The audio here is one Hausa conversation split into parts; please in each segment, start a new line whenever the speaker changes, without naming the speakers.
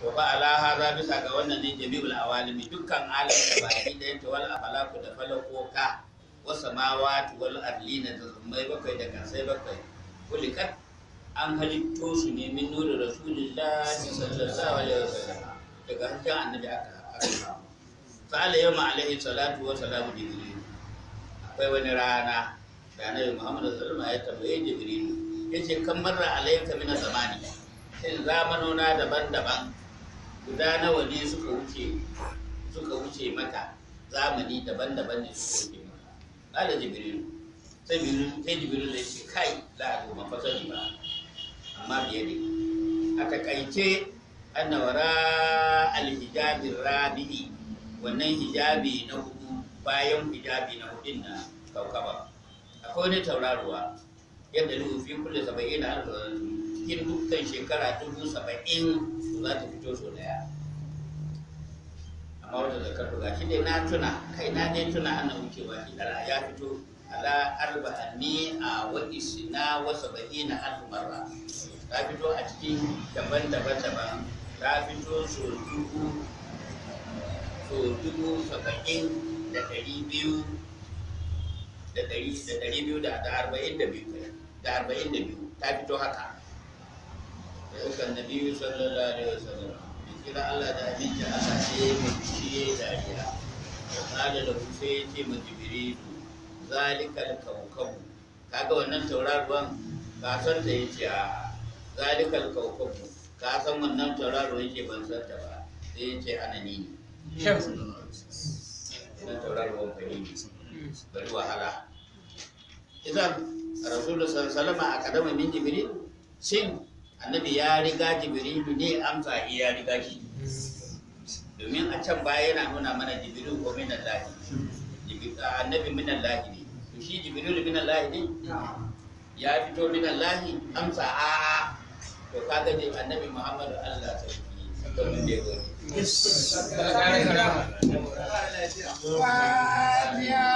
to fa ala hada bisa ga wannan ne jami'ul awalimi dukkan alam da baki da ta wal afalaku da falakoka wa samawati wal arlina da zummai bakwai da kasai bakwai kulikat an halitto su ne min nuru rasulullahi sallallahu alaihi wasallam daga hankan annabi aka fa ala yawma alaihi salatu wa salamu jibril akwai wani rana da annabi muhammadu sallallahu alaihi wasallam ya tambaye jibril yace kan marra alaika min zamani shin zamanona daban-daban guda nawa ne suka wuce suka wuce mata zamani daban-daban ne suka wuce mata kala jibril sai jibril sai jibril ne shi kai la ba fa ne ba amma biye ne a takaice annawara alhijabi rabi'i wannan hijabi na hudu bayan hijabi na hudun na kaukaba akwai wani tauraruwa yadda nuhu fi kulle saba'in na cikin dukkan shekara dubu saba'in za ta fito so daya amma wata karfi ga shi dai na tuna kai na dai tuna ana wucewa shi dara ya fito ala arba ni a wa isna wa saba'i na marra ta fito a cikin daban-daban daban ta fito so dubu so dubu saba'in da ɗari biyu da ɗari biyu da arba'in da biyu da arba'in da biyu ta fito haka da ukan na biyu sallallahu alaihi wasallam da kira Allah da abinci Allah sai mai ciye da ajira da tsada da kusa ya ce ma jibirilu zalikal kaukabu ga wannan tauraruwan ka san ta yace a zalikal kaukabu ka san wannan tauraruwan yake ban san ta ba sai ya yace anani ne wannan tauraruwan fahimi bari wahala idan rasulullah sallallahu alaihi a kadama min jibril shin annabi ya riga jibrilu ne amsa ya riga shi domin a can baya yana nuna mana jibrilu ko min allahi annabi min allah ne to shi jibrilu min allah ne ya fito min allah amsa a to kaga dai annabi muhammadu allah sarki sallallahu alaihi wasallam Yes.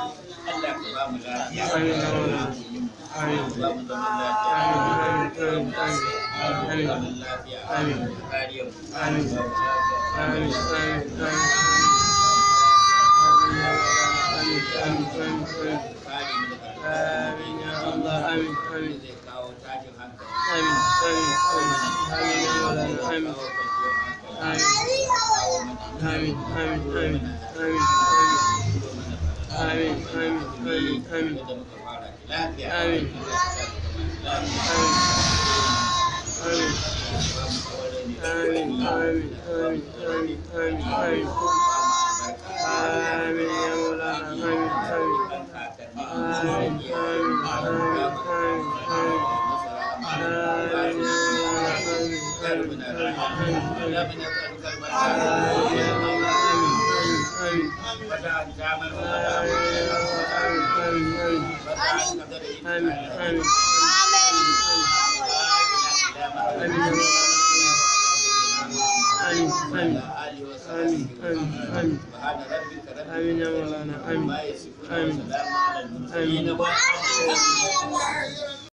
Allah ka ba mu lafiya ba mu zaman lafiya lafiya kariya mu Amin ya Allah amin amin zai kawo tashin hankali amin amin amin amin amin amin amin amin amin amin آمين آمين آمين آمين آمين آمين آمين آمين آمين آمين آمين آمين يا مولانا آمين آمين آمين آمين آمين آمين آمين آمين آمين آمين آمين amin آمين يا مولانا آمين آمين آمين